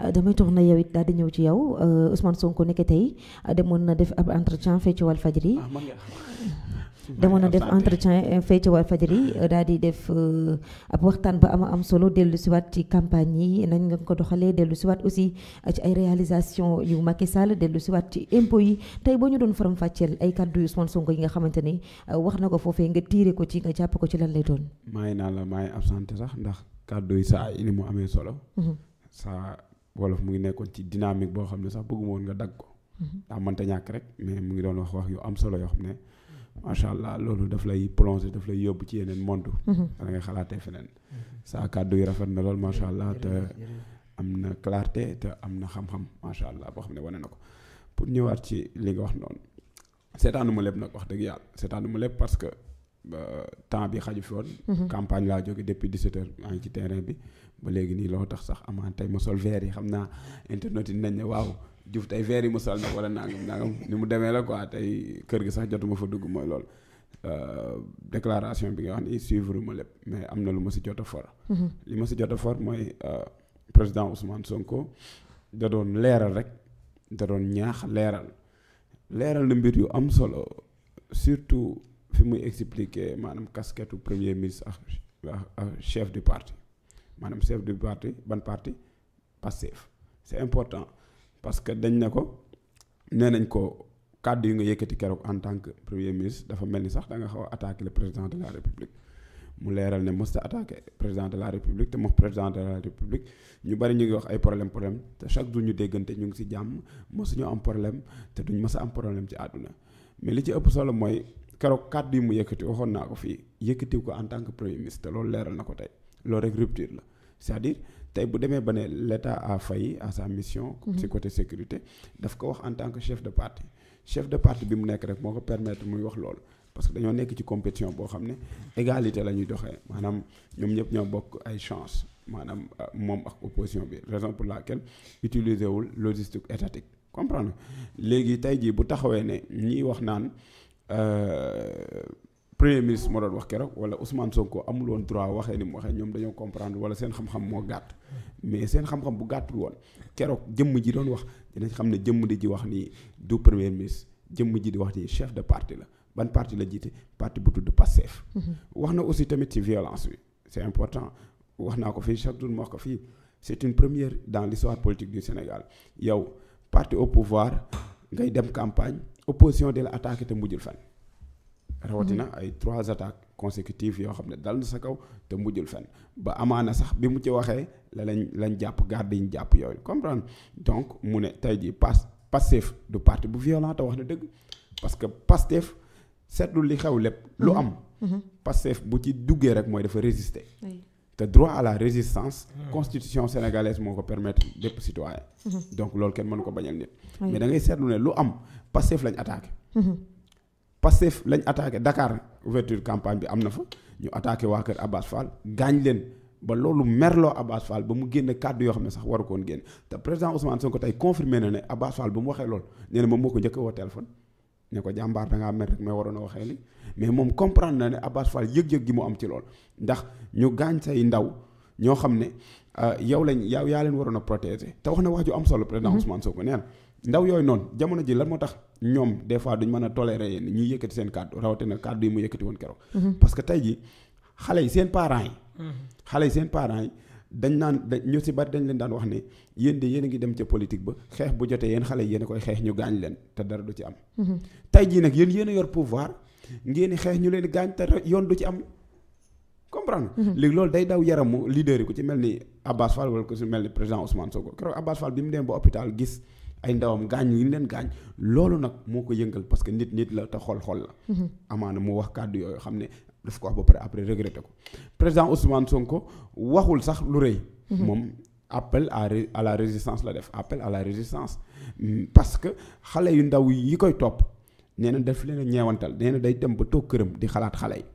Euh, damay tourné yow it daal di ñëw ci yow euh, Ousmane Sonko nekk tey euh, demoon na def ab entretien fee ci Walfadjri ah, demoon na def entretien fee ci Walfadjri daal di def ab waxtaan ba ama am solo dellu siwaat ci campagne yi nañ nga ko doxalee dellu siwaat aussi ay réalisation yu Macky Sall dellu siwaat ci impôts yi tey boo ñu doon faram fàcceel ay kàddu yu Ousmane Sonko yi nga xamante ni wax na ko foofee nga tiire ko ci jàpp ko ci lan lay doon. maa ngi naan la maa ngi absenté sax ndax kàddu yi saa mu amee solo. Mhm. wolof mu ngi nekkoon ci dynamique boo xam ne sax bëgguma woon nga dagg ko. Mhm. daa mënta ñàkk rek mais mu ngi doon wax wax yu am solo yoo xam ne macha allah loolu daf lay plongé daf lay yóbbu ci yeneen monde. Mhm. da ngay xalaatee feneen. Mhm. saa kàddu yi rafet na lool macha allah te am na clarté te am na xam-xam macha allah boo xam ne wane na ko pour ñëwaat ci li nga wax noonu seetaanu ma lépp nag wax dëgg yàlla seetaanu ma lépp parce que. temps bi xaju fi woon mhm. campagne laa jóge depuis 17 heures maa ngi ci terrain bi ba léegi nii loo tax sax amaan tey ma sol verre yi xam naa internet yi nañ ne waaw Diouf tey verre yi mu sol na wala nangam nangam ni mu demee la quoi tey kër gi sax jotuma fa dugg mooy loolu euh, déclaration bi nga wax ni suivre ma lépp mais am na lu ma si jot a for mhm. li ma si jot a for mooy euh, président Ousmane Sonko da doon leeral rek da doon ñaax leeral leeral na mbir yu am solo surtout fi muy expliquer maanaam casquette premier ministre ak chef du parti maanaam chef du parti ban parti Pastef c'est important parce que dañ ne ko nee nañ ko kàddu yu nga yëkkati keroog en tant que premier ministre dafa mel ni sax da nga xaw a attaqué le président de la république mu leeral ne mos a président de la république te moom président de la république ñu bari ñu ngi wax ay problème problème te chaque jour ñu déggante ñu ngi ci jàmm mosuñu am problème te duñ mos am problème ci àdduna mais li ci ëpp solo mooy. keroog kàddu yi mu yëkkati waxoon naa ko fii yëkkatiw ko en tant que premier ministre loolu leeral na ko tey loolu rek rupture la cest dire tey bu demee ba ne l'État a failli à sa mission. Mhm. ci côté sécurité daf ko wax en tant que chef de parti chef de parti bi mu nekk rek moo ko permettre muy wax loolu. parce que dañoo nekk ci compétition boo xam ne égalité la ñuy doxee maanaam ñoom ñëpp ñoo bokk ay chance maanaam euh, moom ak opposition bi raison pour laquelle utiliser wul logistique étatique comprendre léegi tey jii bu taxawee ne ñiy wax naan. Euh, premier ministre moo doon wax keroog wala Ousmane Sonko amuloon woon droit waxee ni mu waxee ñoom dañoo comprendre wala seen xam-xam moo gàtt mais seen xam-xam bu gàttul woon keroog jëmm ji doon wax dinañ xam ne jëmm di ji wax ni du premier ministre jëmm ji di wax nii chef de parti la ban parti la jiite parti bu tudd Pastef. Mm-hmm. wax na aussi tamit ci violence bi c'est important wax naa ko fii chaque jour ma wax ko fii c'est une première dans l'histoire politique du Sénégal yow parti au pouvoir ngay dem campagne. opposition di la attaqué te mujjul fenn. rawatina mhm. ay trois attaques consécutives yoo xam ne dal na sa kaw te mujjul fenn ba amaana sax bi mu ci waxee la lañ lañ jàpp garde yi ñu jàpp yooyu comprendre donc mu ne tey jii pas Pastef du parti bu violent te wax na dëgg parce que Pastef seetlu li xew lépp. lu mhm. am. Mhm. Pastef bu ci duggee rek mooy dafa résister. te droit à la résistance. Hmm. constitution sénégalaise moo ko permettre bépp citoyen hmm. donc loolu kenn mënu ko bañal nit. mais da seetlu ne lu am Pastef lañ attaqué. Hmm. Pastef lañ attaqué Dakar ouverture campagne bi am na fa ñu attaqué waa kër Abbas Fall gaañ leen ba loolu merloo Abbas Fall ba mu génne kàddu yoo xam ne sax waru koon génne te président Ousmane Sonko tey confirmé na ne Abbas Fall ba mu waxee loolu nee moom moo ko njëkk woo téléphone. ne ko jàmbaar da ngaa mer rek mais waroon a waxee li mais moom comprendre na ne Abass Fall yëg-yëg gi mu am ci lool ndax ñu gaañ say ndaw ñoo xam ne euh, yow lañ yaa leen waroon a protéger te wax na wax ju am solo président mm-hmm. Ousmane Sonko nee na ndaw yooyu noonu jamono ji lan moo tax ñoom des fois duñ mën a tolérer yéen ñuy yëkkati seen kàddu rawatina kàddu yi mu yëkkati woon keroog. Mm-hmm. parce que tey ji xale yi seen parents yi. Mm-hmm. xale yi seen parents yi. dañ naan ñu si bari dañ leen daan wax ne yéen de yéen a ngi dem ca politique ba xeex bu jotee yéen xale yéen a koy xeex ñu gaañ leen te dara du ci am. Mm-hmm. tey jii nag yéen yéen a yor pouvoir ngeen di xeex ñu leen gaañ te yoon du ci am. comprendre mm-hmm. léegi loolu day daw yaramu leader yi ku ci mel ni Abbas Fall wala ku ci mel ni président Ousmane Sonko keroog Abbas Fall bi mu dem ba hôpital gis. ay ndawam gaañ yi ñu leen gaañ loolu nag moo ko yëngal parce que nit nit la te xol xol la mm-hmm. amaana mu wax daf ko wax ba pare après regretté ko président Ousmane Sonko waxul sax lu rëy. Mhm. moom appel à à la résistance la def appel à la résistance mm, parce que xale yu ndaw yi koy topp nee na daf leen a ñeewantal nee na day dem ba toog këram di xalaat xale yi.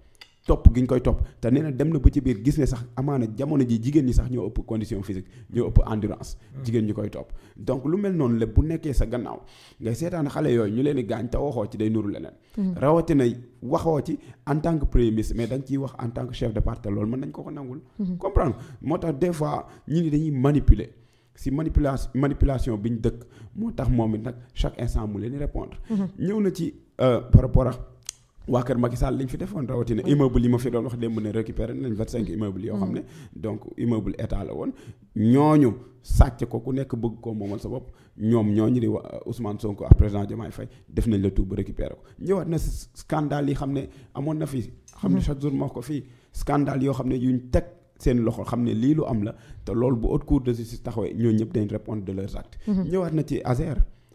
topp gi ñu koy topp te nee dem na ba ci biir gis ne sax amaana jamono ji jigéen ñi sax ñoo ëpp condition physique ñoo ëpp endurance hmm. jigéen ñi koy topp donc lu mel noonu lépp bu nekkee sa gannaaw ngay seetaan xale yooyu ñu leen gaañ te waxoo ci day nuru leneen hmm. rawatina waxoo ci en tant que premier ministre mais da nga ciy wax en tant que chef de parti loolu mën nañ ko ko nangul hmm. comprendre moo tax des fois ñi dañuy manipuler si manipulation manipulation dëkk moo tax waa kër Macky Sall lañ fi defoon rawatina immeuble yi ma fi doon wax démb ne récupéré nañ vingt cinq immeuble yoo xam ne mm. donc immeuble état la woon ñooñu sàcc ko ku nekk bëgg koo moomal sa bopp ñoom ñooñu di wa Ousmane Sonko ak président Diomaye Faye def nañ la tout ba récupéré ko ñëwaat na scandale yi xam ne amoon na fi xam ne mm. chaque jour moo ko fii scandale yoo xam ne yuñ teg seen loxo xam ne lii lu am la te loolu bu haute cour de justice taxawee ñoo ñëpp dañ répondre de leurs actes mm-hmm. ñëwaat na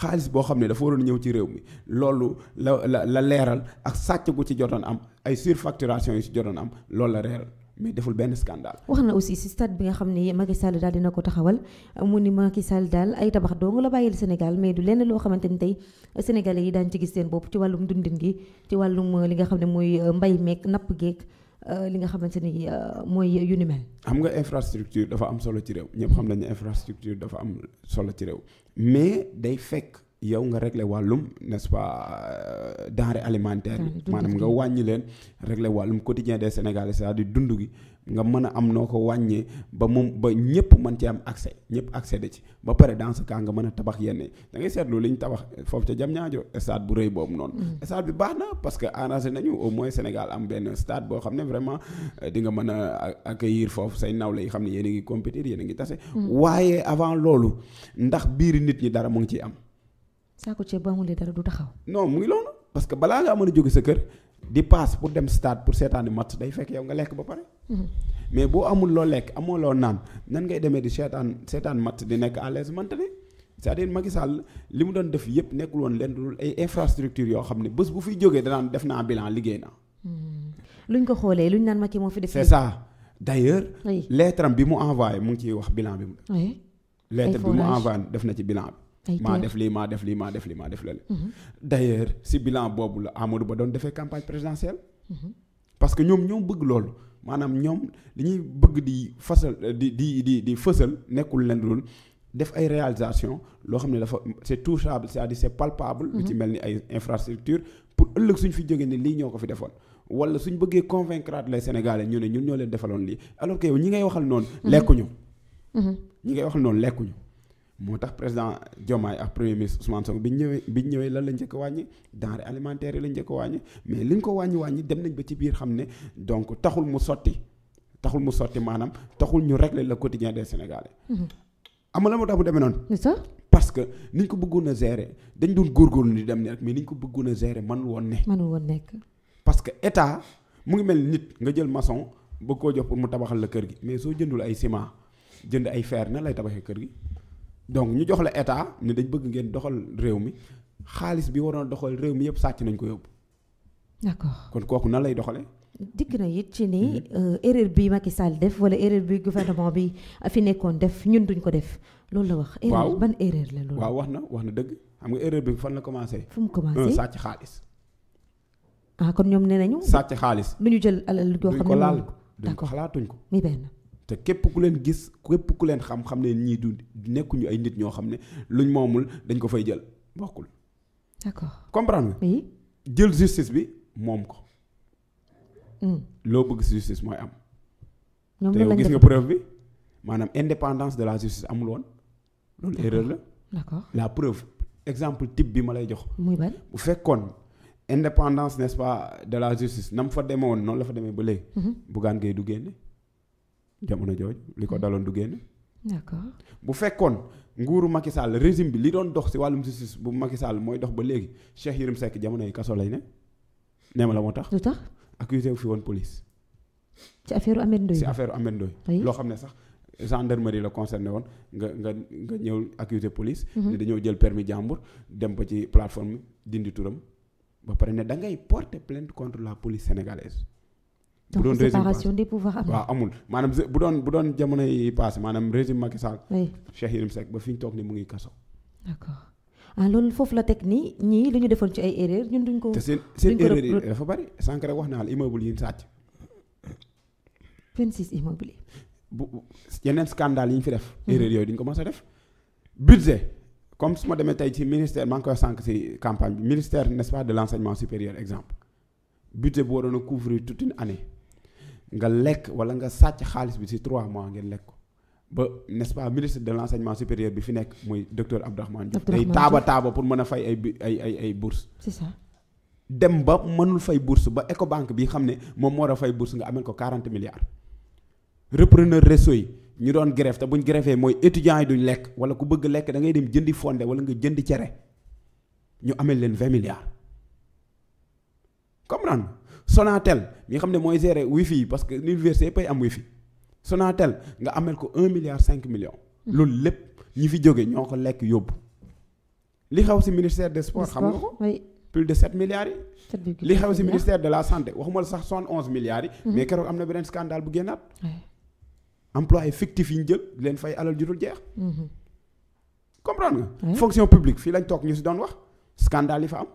xaalis boo xam ne dafa waroon ñëw ci réew mi loolu la la la leeral ak sàcc gu ci jotoon am ay surfacturation yu ci jotoon am loolu la leeral mais deful benn scandale. wax na aussi si stade bi nga xam ne Macky Sall daal dina ko taxawal mu ni Macky Sall daal ay tabax dong la bàyyil Sénégal mais du lenn loo xamante ni tey sénégalais yi daan ci gis seen bopp ci wàllum dundin gi ci wàllum li nga xam ne mooy mbay meek napp geek. Euh, li nga xamante ni euh, mooy yu ni mel. xam nga infrastructure dafa am solo ci réew ñëpp xam nañu infrastructure dafa am solo ci réew mais day fekk. yow nga regle wàllum n'est-ce pas euh, denrée alimentaire maanaam nga wàññi leen régler wàllum quotidien des Sénégalais cest à dund gi nga mën a am noo ko wàññee ba mu ba ñëpp mën ci am accès ñëpp accès da ci ba pare dans ce nga mën a tabax yenn da ngay seetlu li ñu tabax foofu ca jam ñaajo stade bu rëy boobu noonu mm. stade bi baax na parce que arrangé nañu au moins Sénégal am benn stade boo xam ne vraiment euh, di nga mën a accueillir foofu say nawle yi xam ne yéen a ngi compétir yéen a ngi tase mm. waaye avant loolu ndax biir nit ñi dara mu ngi ciy am saako ceeb ba amul li dara du taxaw. non mu ngi loolu parce que balaa ngaa mën a jóge sa kër di paas pour dem stade pour seetaani match day fekk yow nga lekk ba pare. Mhm. mais boo amul loo lekk amoo loo naan nan ngay demee di seetaan seetaan match di nekk à l'aise mante ne c'est-à-dire li mu doon def yëpp nekkul woon leen dul ay infrastructure yoo xam ne bés bu fiy jógee danaan def naa bilan liggéey naa. Mhm. luñ ko xoolee luñ naan Macky fi def. c'est ça d'ailleurs. lettre am bi mu envoyé mu ngi ciy wax bilan bi mu def. lettre bi mu envoyé def na ci bilan bi. maa def lii maa def lii maa def lii maa def lale mhm. d'ailleurs si bilan boobu la Amadou Ba doon defee campagne présidentielle mhm. parce que ñoom ñoo bëgg loolu maanaam ñoom dañuy bëgg di fasal di di di di fësal nekkul leen loolu def ay réalisation loo xam ne dafa c'est touchable c'est-à-dire c'est palpable mhm. lu ci mel ni ay infrastructure pour ëllëg suñ fi jógee ne lii ñoo ko fi defoon wala suñ bëggee convaincre les Sénégalais ñu ne ñun ñoo leen defaloon lii alors ñi ngay waxal noonu lekkuñu ñi ngay waxal noonu lekkuñu moo tax président Diomaye ak premier ministre Ousmane Sonko bi ñu ñëwee bi ñëwee la njëkk a wàññi denrée alimentaire yi la njëkk a wàññi mais li ñu ko wàññi wàññi dem nañ ba ci biir xam ne donc taxul mu sotti taxul mu sotti maanaam taxul ñu régler le quotidien des Sénégalais. Mm-hmm. am la moo tax mu demee noonu. parce que ni ñu ko bëggoon a gérer dañ doon góorgóorlu di dem ne rek mais ni ñu ko bëggoon a gérer mënul woon ne. mënul woon nekk. parce que état mu ngi mel nit nga jël maçon bëgg koo jox pour mu tabaxal la kër gi mais soo jëndul ay ciment jënd ay fer na lay tabaxee kër gi donc ñu jox la état ne dañ bëgg ngeen doxal réew mi xaalis bi waroon doxal réew mi yëpp sàcc nañ ko yóbbu. d'accord kon kooku nan lay doxale dikk na it ci ni mhm. euh, erreur bi Macky Sall def wala erreur bi gouvernement bi fi nekkoon def ñun duñ ko def loolu la wax. erreur ban erreur la loolu. wax na wax na dëgg xam nga erreur bi fan la commencé. fu mu commencé sàcc xaalis. ah kon ñoom nee nañu. sàcc xaalis. lu ñu jël alal yoo xam ne ko laal duñ ko xalaatuñ ko. muy benn. te képp ku leen gis képp ku leen xam xam ne ñii du nekkuñu ay nit ñoo xam ne luñ moomul dañ ko fay jël bokkul. d'accord comprendre nga. jël justice bi moom ko. Hmm. loo bëgg si justice mooy am. te yow gis nga preuve bi maanaam indépendance de la justice amul loolu erreur la. d'accord la preuve exemple type bi ma lay jox. bu fekkoon indépendance n'est-ce pas de la justice na mu fa demee woon noonu la fa demee ba léegi. Mhm. Bougane Gueye du génne. jamono jooju li ko mm. daloon du génn. d'accord bu fekkoon nguuru Macky Sall bi li doon dox si wàllum si bu Macky Sall mooy dox ba léegi Cheikh Yérim Seck jamono yi kaso lay ne nee ma moo tax. lu tax accusé fi woon police. ci affaire Ameth Ndoye. ci affaire Ameth loo xam ne sax gendarmerie la concerné woon nga nga nga ñëw accusé police. Mm-hmm. ne dañoo jël permis jàmbur dem ba ci plateforme dindi turam ba pare ne da ngay porter plainte contre la police sénégalaise. bu doon régime séparation des pouvoirs am waaw amul bu doon bu doon jamono yi maanaam régime Macky Sall. oui Cheikh fi ñu toog ni mu ngi kaso. Ah, loolu foofu la teg nii ñii li ñu ci ay erreur ñun duñ ko. te seen seen dafa bari sànq rek wax naa la immeuble yi ñu sàcc. 26 immeubles. yeneen scandale yi ñu fi def. Hmm. erreur yooyu duñ ko mës a def. budget comme su ma demee tey ci ministère maa ngi koy sànq si campagne bi ministère n'est-ce pas de l'enseignement supérieur exemple budget bu waroon a couvrir toute année. nga lekk wala nga sàcc xaalis bi ci trois mois ngeen lekk ko ba n'est-ce ministre de l'enseignement supérieur bi fi nekk muy docteur Abdourahmane Diouf tey taaba taaba pour mën a fay ay ay ay dem ba mënul fay bourse ba Ecobank bi xam ne moom moo a fay bourse nga amel ko quarante milliards repreneur réseau yi ñu doon grève te buñ grèvee mooy étudiants yi duñ lekk wala ku bëgg lekk da ngay dem jëndi fonde wala nga jëndi cere ñu amee leen 20 milliards Sonatel mi nga xam ne mooy gérer wifi yi parce que l'université pay am wifi Sonatel nga amel ko un milliard cinq millions hmm. loolu lépp ñi fi jóge ñoo ko lekk yóbbu li xew si ministère de sports xam nga ko plus de sept milliards yi li xew si ministère de la santé waxuma la sax soixante onze milliards yi hmm. mais keroog am na beneen scandale bu génnaat employé fictif yi ñu jël leen fay alal ju dul jeex hmm. comprendre nga fonction publique fii lañ toog ñu si doon wax scandale yi fa am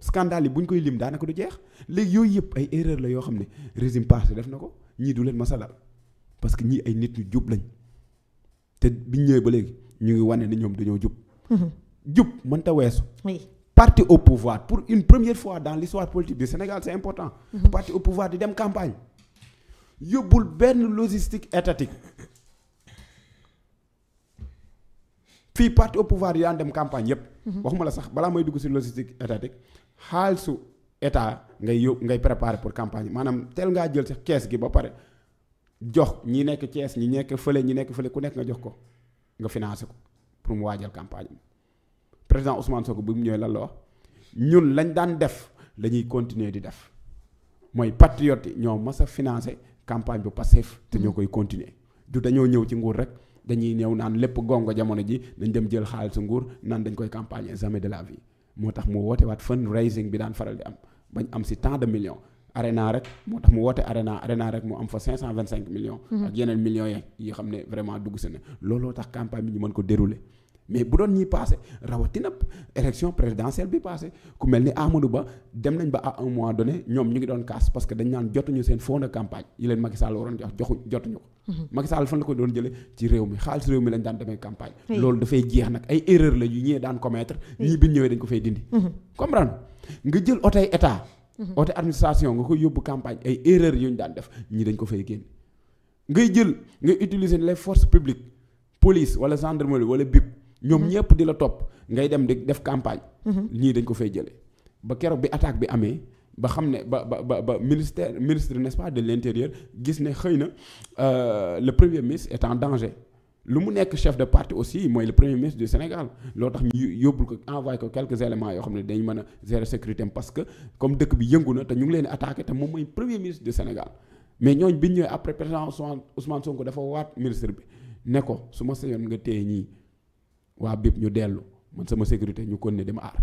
scandale yi bu ñu koy lim daanaka du jeex léegi yooyu yëpp ay erreur la yoo xam ne résime passé def na ko ñii du leen masalal parce que ñii ay nit ñu jub lañ te biñ ñëwee ba léegi ñu ngi wane ni ñoom dañoo jub. Mhm. jub mënta weesu. oui parti au pouvoir pour une première fois dans l'histoire politique du Sénégal c'est important. Mhm. parti au pouvoir di dem campagne. yóbbul benn logistique étatique fii parti au pouvoir yi daan dem campagne yépp mhm. waxuma la sax balaa may dugg ci logistique étatique xaalisu état ngay yóbbu ngay préparer pour campagne maanaam teel ngaa jël sax kees gi ba pare jox ñi nekk Thiès ñi nekk fële ñi nekk fële ku nekk nga jox ko nga financé ko pour mu waajal campagne bi président Ousmane ko bu mu ñëwee lan la wax ñun lañ daan def lañuy continuer di def mooy patriote yi ñoo mas a financé campagne bu passif te ñoo mm. koy continuer du dañoo ñëw ci nguur rek dañuy ñëw naan lépp gongo jamono ji dañ dem jël xaalisu nguur naan dañ koy campagne jamais de la vie moo tax mu woote waat fundraising bi daan faral di am bañ am si tant de millions arena rek moo tax mu woote arena arena rek mu am fa 525 millions. Mhm. ak yeneen millions yi yi xam ne vraiment dugg si ne looloo tax campagne bi ñu mën ko dérouler. mais bu doon ñiy passé rawatina élection présidentielle bi passé ku mel ni Amadou Ba dem nañ ba à donné ñoom ñu ngi doon kaas parce que dañ naan jotuñu seen fond campagne yi leen Macky waroon jox joxu jotuñu ko. Mhm. Macky fan la ko doon jëlee ci réew mi xaalis réew mi lañ daan demee campagne. loolu dafay jeex nag ay erreur la ñëwee daan commettre. ñii bi ñëwee dañ ko fay dindi. Mhm. comprendre nga jël otey état. Mhm. otey administration nga koy yóbbu ñoom mhm. ñëpp di la topp ngay dem de def campagne. ñii mhm. dañ ko fay jëlee. ba keroog bi attaque bi amee ba xam ne ba ba ba ba ministère ministre n'est-ce pas de l'intérieur gis ne xëy na euh, le premier ministre nekk chef de parti mooy le premier ministre du Sénégal loo tax ñu yóbbul ko envoyé ko quelques éléments yoo xam ne dañ mën a gérer sécurité parce que comme dëkk bi yëngu na te ñu ngi leen attaqué te moom mooy premier ministre du Sénégal mais ñooñu bi ñu ñëwee après président Ousmane Sonko dafa waat ministre bi ne ko su nga ñii. waa BIP ñu dellu man sama sécurité ñu kon ne dem aar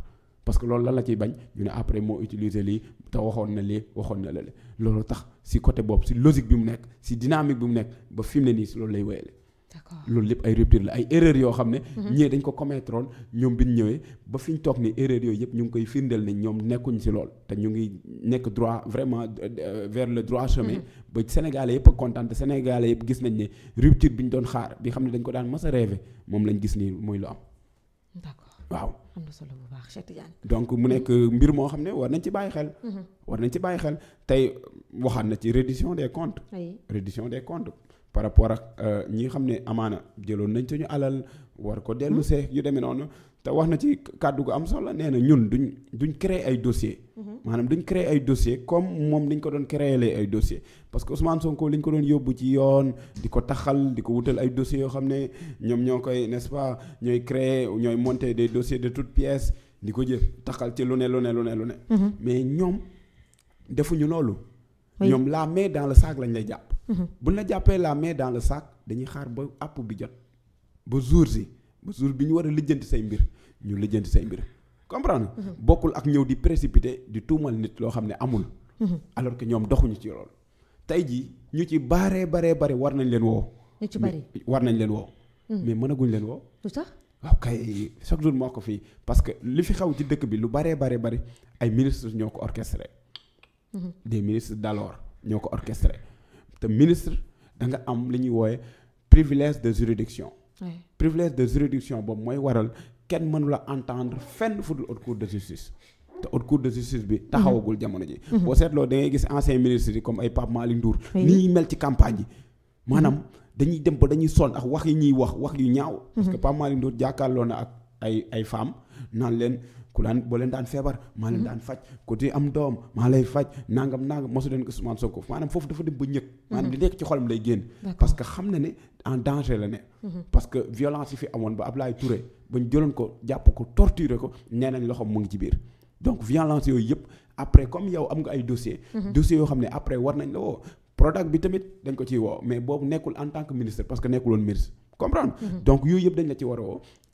parce que loolu lan la ciy bañ ñu ne après moo utiliser lii te waxoon na lii waxoon na lale loolu tax si côté boobu si logique bi mu nekk si dynamique bi mu nekk ba fi mu ne nii si loolu lay wéyale loolu lépp ay rupture la ay erreur yoo xam ne mhm. ñee dañ ko commettre woon ñoom bi ñu ñëwee ba fi ñu toog ni erreur yooyu yëpp ñu ngi koy firndeel ne ñoom nekkuñ si lool te ñu ngi nekk droit vraiment euh, vers le droit chemin mhm. ba sénégalais yëpp a kontaan yëpp gis nañ ne rupture bi ñu doon xaar bi xam ne dañ ko daan mas a rêvé moom lañ gis nii mooy lu am waaw donc mu nekk mbir moo xam ne war nañ ci bàyyi xel mhm. war nañ ci bàyyi xel tey waxaat na ci reddition des comptes par rapport ak euh, ñi nga xam ne amaana jëloon nañ suñu alal war ko dellu hmm. see ñu demee noonu te wax na ci kàddu gu am solo nee na ñun duñ duñ créer ay dossier hmm. maanaam duñ créer ay dossier comme moom dañ ko doon créer lay ay dossier parce que Ousmane Sonko liñ ko doon yóbbu ci yoon di ko taxal di ko wutal ay dossiers yoo xam ne ñoom ñoo koy n'est-ce pas ñooy créer ñooy monter des dossiers de toutes pièces di ko jëf taxal ci lu ne lu ne lu ne lu ne hmm. mais ñoom defuñu loolu ñoom la main dans le sac lañ lay jàpp. Mhm. buñ la jàppee la main dans le sac dañuy xaar ba àpp bi jot ba jour si ba jour bi ñu war a lijjanti say mbir ñu lijjanti say mbir comprendre mhm. bokkul ak ñëw di précipité di tuumal nit loo xam ne amul. Mhm. alors que ñoom doxuñu ci loolu. tey ji ñu ci baree baree bare war nañ leen woo. ñu ci bari war nañ leen woo. mais mënaguñ leen woo. lu tax waaw kay chaque jour moo ko fii parce li fi xaw ci dëkk bi lu baree baree bare ay ministres ñoo ko orchestré. des ministres d'alors ñoo ko orchestré te ministre danga am li ñuy wooye privilège de juridiction privilège de juridiction boobu mooy waral kenn mënula entendre fenn fu dul haute cour de justice te haute cour de justice bi taxawagul jamono ji mhm. boo seetloo da gis ancien ministre yi comme ay Pape Malick Ndour ni mel ci campagne yi maanaam dañuy dem ba dañuy sonn ak wax yi ñuy wax wax yu ñaaw mhm. parce que Pape Malick jàkkaarloo na ak ay ay femmes naan leen ku laan boo leen daan feebar maa leen mm-hmm. daan faj ku ci am doom maa lay faj nangam nangam mosu leen ko Ousmane Sonko maanaam foofu dafa dem ba ñëkk maanaam mm-hmm. li nekk ci xolam lay génn parce que xam ne ne mm-hmm. nañ loxoom mu ngi ci biir donc violence yooyu yëpp après comme yow am nga ay dossier dossiers yoo xam ne après war nañ la woo Prodac bi tamit dañ ko ciy woo mais boobu nekkul en tant ministre parce que nekkul woon ministre donc yooyu yëpp dañ la ci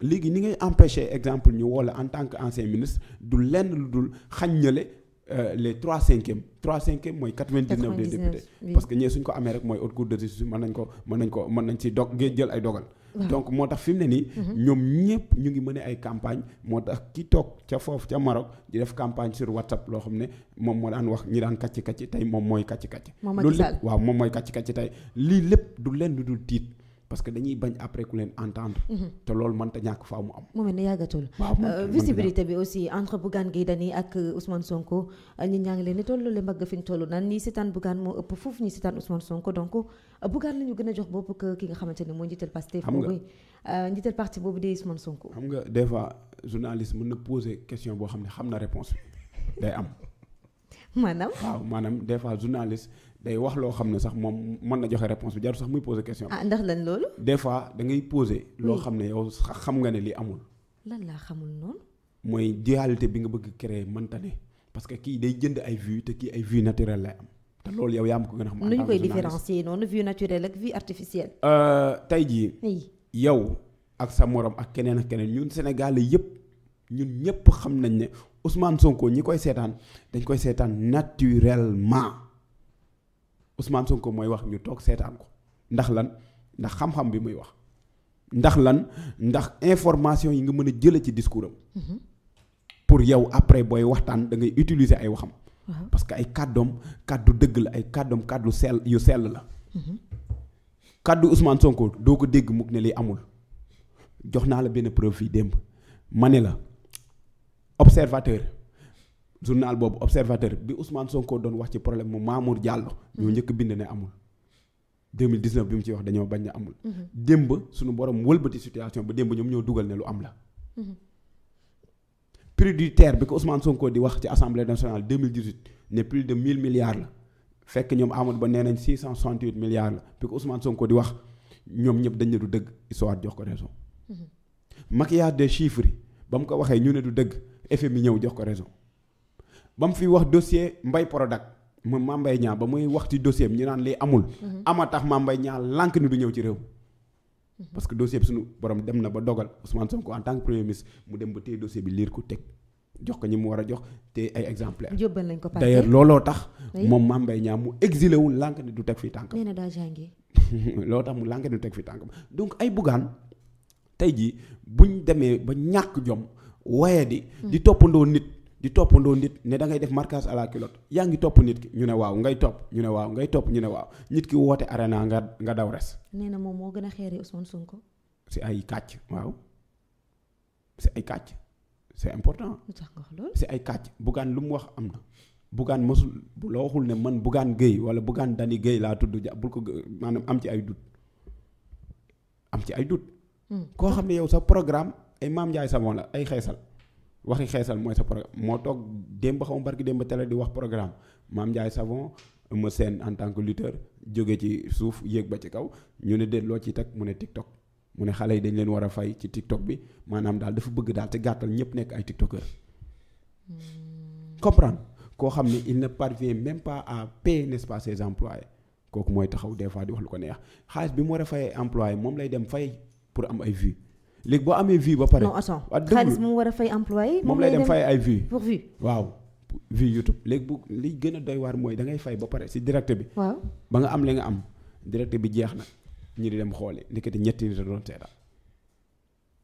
léegi ni ngay empêcher exemple ñu woo la en tant que ancien ministre du lenn lu dul xaññale euh, les trois cinquièmes trois cinquièmes mooy quatre-vingt-dix-neuf des députés parce que ñee suñ ko amee rek mooy haute cour de justice mën nañ ko mën nañ ko mën nañ si dog jël ay dogal donc moo tax fi ne nii mhm. ñoom ñëpp ñu ngi mëne ay campagne moo tax ki toog ca foofu ca Maroc di def campagne sur WhatsApp loo xam ne moom moo daan wax ñi daan kacc kacc tey moom mooy kàcc kàcc mooy kàcc kàcc leen du dul tiit parce que dañuy bañ après ku leen entendre. Mhm. te loolu mënta ñàkk faaw mu am. mu mel ne yàggatul. Euh, visibilité bi aussi entre Bougane Gueye Dany ak euh, Ousmane Sonko euh, ñi ñaa leen di tollu le mbagg fi ñu toll naan ñii seetaan Bougane moo ëpp foofu ñii seetaan Ousmane Sonko donc Bougane la a jox bopp que ki nga xamante ne njiital Pastef. xam nga njiital parti boobu di Ousmane Sonko. xam nga des fois journaliste mën na poser question boo xam ne xam na réponse day am. maanaam waaw maanaam des fois day wax loo xam ne sax moom mën na joxe réponse bi jaru sax muy poser question. ah ndax lan loolu. des fois da ngay poser loo xam ne yow xam nga ne li amul. lan laa xamul noonu. mooy dualité bi nga bëgg créer mënta ne parce que kii day jënd ay vues kii ay vues naturelles lay am loolu yow yaa ma ko gën a xam. nu ñu koy différencier noonu vue naturelle ak vue artificielle. Euh, tey jii. yow ak sa morom ak keneen ak keneen ñun Sénégalais yëpp ñun ñëpp xam nañ ne Ousmane Sonko ñi koy seetaan dañ koy seetaan naturellement. Ousmane Sonko mooy wax ñu toog seetaan ko ndax lan ndax xam-xam bi muy wax ndax lan ndax information yi nga mën a jële ci discours mhm. pour yow après booy waxtaan da ngay ay waxam parce que ay kàddoom kàddu dëgg la ay kàddoom kàddu sell yu sell la mhm. kàddu Ousmane Sonko doo ko dégg mukk ne li amul jox naa la benn preuve fii démb ma ne la observateur journal boobu observateur bi Ousmane Sonko doon wax ci problème mu Mamour Diallo. ñoo mhm. njëkk bind ne amul. bi mu ci wax dañoo bañ ne amul. Mhm. démb suñu borom wëlbati situation ba démb ñoom ñoo dugal ne lu am la. Mhm. prix du terre bi ko Ousmane Sonko di wax ci assemblée nationale 2018 ne plus de 1000 milliards la fekk ñoom Amadou Ba nee nañ la bi ko Ousmane Sonko di wax ñoom ñëpp dañ ne du dëgg histoire jox ko raison. maquillage des chiffres ba mu ko waxee ñu ne du dëgg FMI ñëw jox ko raison. ba mu fi wax dossier mbay Prodac ma Mame Mbaye ba muy wax ci dossier bi ñu naan lii amul. Mhm. ama tax Mame Mbaye Niang lànk du ñëw ci réew. Mhm. parce que dossier bi suñu borom dem na ba dogal Ousmane Sonko en tant que mu dem ba téye dossier bi liir ko teg jox ko ñi mu war a jox te ay exemplaires. yóbbal nañ ko d'ailleurs looloo tax. moom Mame Mbaye mu exilé wul lànk ni du teg fii tànkam. nee na daa jàngee. looloo tax mu teg fii tànkam donc ay bugaan tey jii buñ demee ba ñàkk jom waaye di. di mhm. toppandoo nit. di toppandoo nit ne da ngay def marquage à la yaa ngi topp nit ki ñu ne waaw ngay topp ñu ne waaw ngay topp ñu ne waaw nit ki woote arena nga nga daw res. nee na moom moo gën a xeeri Ousmane ko si ay kàcc waaw si ay kacc c'est important. si ay kàcc Bougane lu mu wax am na. Bougane mosul loo waxul ne man Bougane géey wala Bougane Dany Gueye laa tudd ja bul ko maanaam am ci ay dut am ci ay dut. Hmm. koo xam ne yow sa programme ay Maam Ndiaye Savon la ay xeesal. waxi xeesal mooy sa programme moo toog démb xaw ma barki démb télé di wax programme Maam Ndiaye Savon ma seen en tant que lutteur jóge ci suuf yéeg ba ci kaw ñu ne delloo ci ciy mu ne TikTok mu ne xale yi dañ leen war a fay ci TikTok bi maanaam daal dafa bëgg daal te gàttal ñëpp nekk ay TikTokeur comprendre koo xam ne il ne parvient même pas à payer n'est-ce pas kooku mooy taxaw des fois di wax lu ko neex xaalis bi mu war a fayee employé moom lay dem fay pour am ay vues léegi boo amee vie ba pare. non attends xaalis mu war a fay employé. moom lay dem fay ay vie pour waaw vie YouTube léegi bu li gën a doy war mooy dangay fay ba pare si direct bi. waaw ba nga am li nga am direct bi jeex na ñu di dem xooli ndeketee ñetti nit a doon seetaan.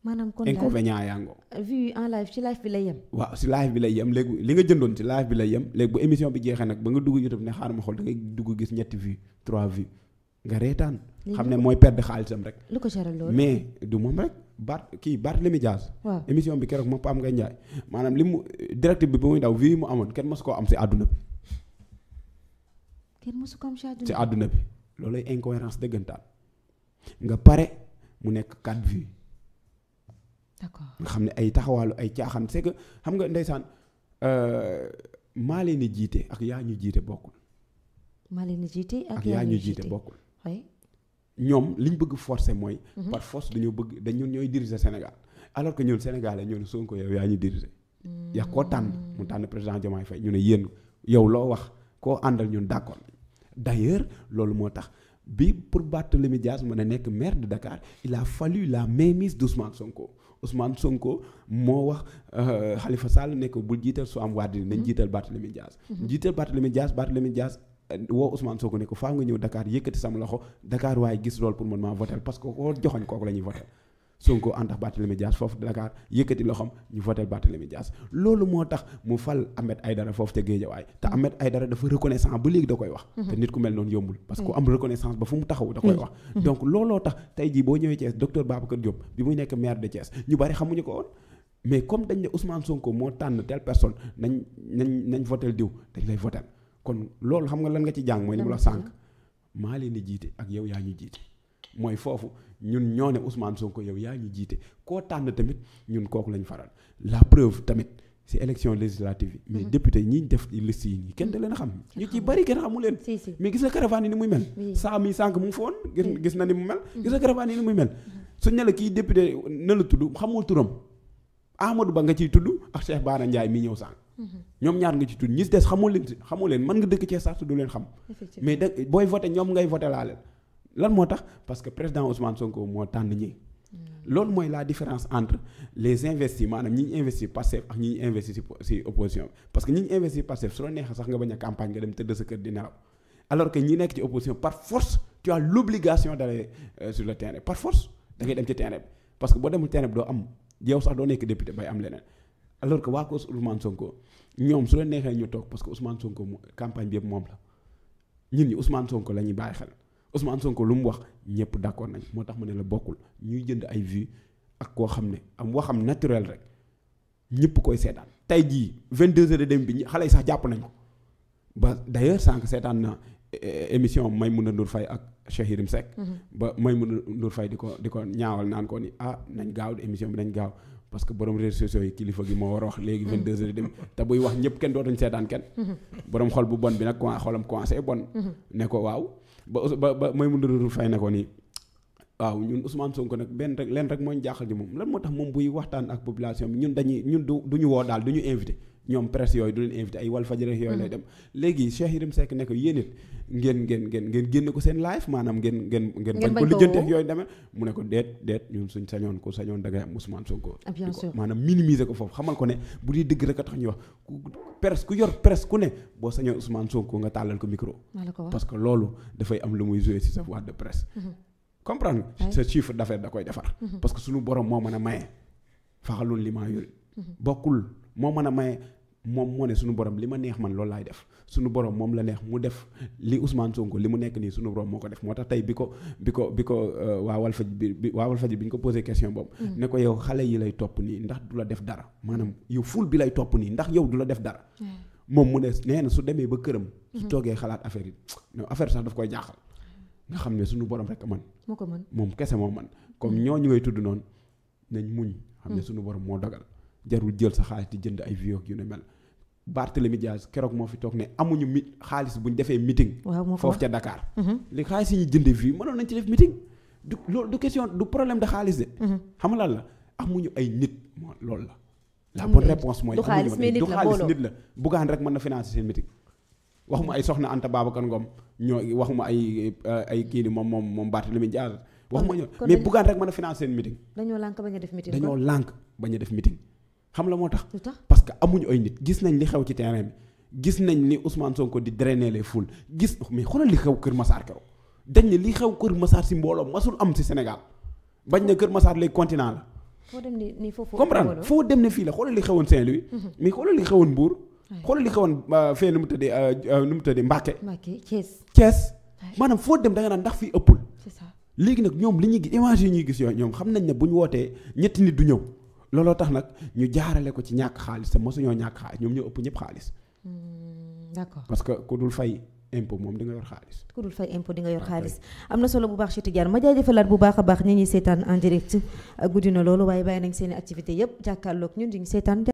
maanaam kon inconvénient yaa ngoo vue en live ci live bi lay yem. waaw si live bi lay yem léegi li nga jëndoon si live bi lay yem léegi bu émission bi jeexee nag ba nga dugg YouTube ne xaar ma xool da ngay dugg gis ñetti vue trois vue nga reetaan. xam ne mooy perdre xaalisam rek. lu ko jaral loolu mais du moom rek. Bart kii Barthélémy Dias waaw émission bi keroog ma am Ngagne Ndiaye maanaam li mu directive bi ba muy daw vi mu amoon kenn mosu koo am si àdduna bi. mosu ko am si àdduna bi si àdduna bi dëggantaan nga pare mu nekk quatre vues. d'accord nga xam ne ay taxawaalu ay caaxaan c'est xam nga ndeysaan euh, maa leen di jiite ak yaa ñu jiite bokkul. maa leen di jiite ak yaa ñu jiite bokkul. ñoom li ñu bëgg forcer mooy. Mhm. par force dañoo bëgg dañu ñooy diriger Sénégal alors que ñun Sénégalais ñoo ne Sonko yow yaa ñu diriger. Mm. yaa koo tànn mu tànn président Diomaye Faye ñu ne yéen yow loo wax koo àndal ñun d' accord d' ailleurs loolu moo tax bi pour Barthélémy Dias mën a nekk maire de Dakar il a fallu la mainmise d' Ousmane Sonko Ousmane Sonko moo wax euh, Khalifa Sall ne ko bul jiital su am waat di nañ mhm. jiital Barthélémy Dias. Mhm. jiital Barthélémy Dias Barthélémy Dias woo Ousmane Sonko ne ko faa nga ñëw Dakar yëkkati sama loxo Dakar waaye gis loolu pour man votel parce que koo joxoñ kooku la votel Sonko mhm. mhm. am reconnaissance ba fu mu taxaw da koy mhm. wax donc looloo tax tey jii boo ñëwee Thiès docteur Babacar Diop bi muy nekk maire de Thiès ñu bari xamuñu ko woon mais comme dañ ne Ousmane Sonko moo tànn telle personne nañ nañ nañ votel diw dañ lay votel kon loolu xam nga lan nga ci jàng mooy li mu la sànq maa leen di jiite ak yow yaa ñu jiite mooy foofu ñun ñoo ne Ousmane Sonko yow yaa ñu jiite koo tànn tamit ñun kooku lañu faral la preuve tamit si élection législative yi mhm. mais député ñi def liste yi nii kenn da mhm. leen xam ñu ci bari kenn xamu leen mais gis nga caravane yi ni muy mel saa mi sànq mu ngi foon gis na ni mu mel mhm. gis nga caravane yi ni muy mel suñ ne la kii député na la tudd xamul turam Amadou Ba nga ciy tudd ak Cheikh Bara Ndiaye mi ñëw sànq ñoom ñaar nga ci tudd ñi des xamoo leen xamoo leen mën nga dëkk cee sax du leen xam. mais da booy voté ñoom ngay voté laa leen lan moo tax parce président Ousmane Sonko moo tànn ñi. Hmm. loolu mooy la différence entre les investis maanaam ñi ñu investi Pastef ak ñi ñu investi si si opposition parce ñi investi Pastef su la neexee sax nga bañ a campagne nga dem tëdd sa kër di nelaw alors que ñi nekk ci opposition par force tu as l'obligation d'aller euh, sur le terrain am yow alors que waa ko Ousmane Sonko ñoom su la neexee ñu toog parce que Ousmane Sonko campagne bi yëpp moom la ñin ñi Ousmane Sonko la ñuy bàyyi xel Ousmane Sonko lu mu wax ñëpp d'accord nañ moo tax mu ne la bokkul ñuy jënd ay vues ak koo xam ne am waxam naturel rek ñëpp koy seetaan. tey jii 22h de dem bi xale yi sax jàpp nañ ko ba d'ailleurs sànq seetaan na émission may mun Maimouna Ndour fay ak Cheikh Yérim Seck. Mm-hmm. ba Maimouna Ndour Faye di ko di ko ñaawal naan ko ni ah nañ gaaw émission bi nañ gaaw. parce que borom réseaux sociaux yi kilifa gi moo war a wax léegi 22 heures dem te buy wax ñëpp kenn dootuñ seetaan kenn borom xol bu bon bi nag xolam commencé bon ne ko waaw ba ba mooy mu ndururu fay ne nii waaw ñun Ousmane Sonko nag benn rek leen rek mooñ jaaxal ji moom lan moo tax moom buy waxtaan ak population bi ñun dañuy ñun du duñu woo daal duñu invité ñoom presse yooyu du leen invité ay Walfadjri yooyu lay mm-hmm. dem léegi Cheikh Yérim Seck ne ko yéen ngeen ngeen ngeen ngeen ko seen live maanaam ngeen ngeen ngeen ko lijjante yooyu demee mu ne ko deet deet ñun suñ sañoon ko sañoon da am Ousmane Sonko ah, maanaam minimiser ko foofu xamal ko ne bu dee dëgg rek a tax ñuy wax ku ku yor presse ku ne boo sañoon Ousmane Sonko nga tàllal ko micro parce loolu dafay am lu muy jouer ci sa voix de presse mm-hmm. comprendre mm-hmm. a moo mën a maye moom moo ne suñu borom li ma neex man loolu laay def suñu borom moom la neex mu def li Ousmane Sonko li mu nekk nii suñu borom moo ko def moo tax tey bi ko bi ko bi ko euh, waa Walfadj bi waa Walfadj bi ñu ko posé question boobu. Mm. ne yow xale yi lay topp nii du la def dara maanaam yow ful bi lay topp nii ndax yow du la def dara. Mm. moom mu ne nee na su demee ba këram. su mm-hmm. toogee xalaat affaire yi non daf koy jaaxal. nga xam ne suñu borom rek man moo ko mën moom kese moo man comme ñoo mm. ñooñu ngay tudd noonu nañ muñ. xam ne suñu borom moo dogal. jarul jël sa xaalis di jënd ay vieux yu ne mel Barthélemy Diaz keroog moo fi toog ne amuñu mi xaalis buñ defee meeting. foofu ca Dakar. Mhm. li xaalis yi ñuy jëndee vie mënoon nañ ci def meeting. du de xaalis de. Mhm. xam nga lan la amuñu ay nit moo loolu la. la bonne réponse la booloo du xaalis nit la bugaan rek mën na financer seen meeting. waxuma ay soxna Anta Babacar Ngom ñoo waxuma ay euh, kii ni moom moom moom Barthélemy waxuma ñoo mais bugaan rek mën a financer seen meeting. dañoo lànk bañ a def meeting a def meeting. xam la moo tax parce que amuñu ay nit gis nañ li xew ci terrain bi gis nañ ni Ousmane Sonko di drainer les foules gis mais xoolal li xew Kër Massar keroog dañ ne li xew Kër Massar si mbooloo masul am si Sénégal bañ na Kër Massar les continent la. foo dem ni ni foofu foo dem ne fii la xoolal li xewoon Saint-Louis. Mhm. mais xoolal li xewoon Mbour. xoolal li xewoon euh, fee nu mu tëddee euh, euh, nu mu tëddee Mbacke. Mbacke Thiès. Thiès maanaam foo dem da nga ndax fii ëppul. c'est ça léegi nag ñoom li ñuy gis image yi ñuy gis yooyu ñoom xam nañ ne bu ñu wootee ñetti nit du ñëw looloo tax nag ñu jaarale ko ci ñàkk xaalis te mosuñoo ñàkk xaalis ñoom ñu ëpp ñëpp xaalis. Hmm, d'accord parce que ku dul fay. impôt moom di nga yor xaalis. ku dul fay impôt di yor ah, xaalis am na solo bu baax ci Tidiane ma jaajëfalaat bu baax baax ñi ñuy seetaan en direct guddi na loolu waaye bàyyi nañ seen activité yëpp jàkkaarloog ñun di ñu seetaan.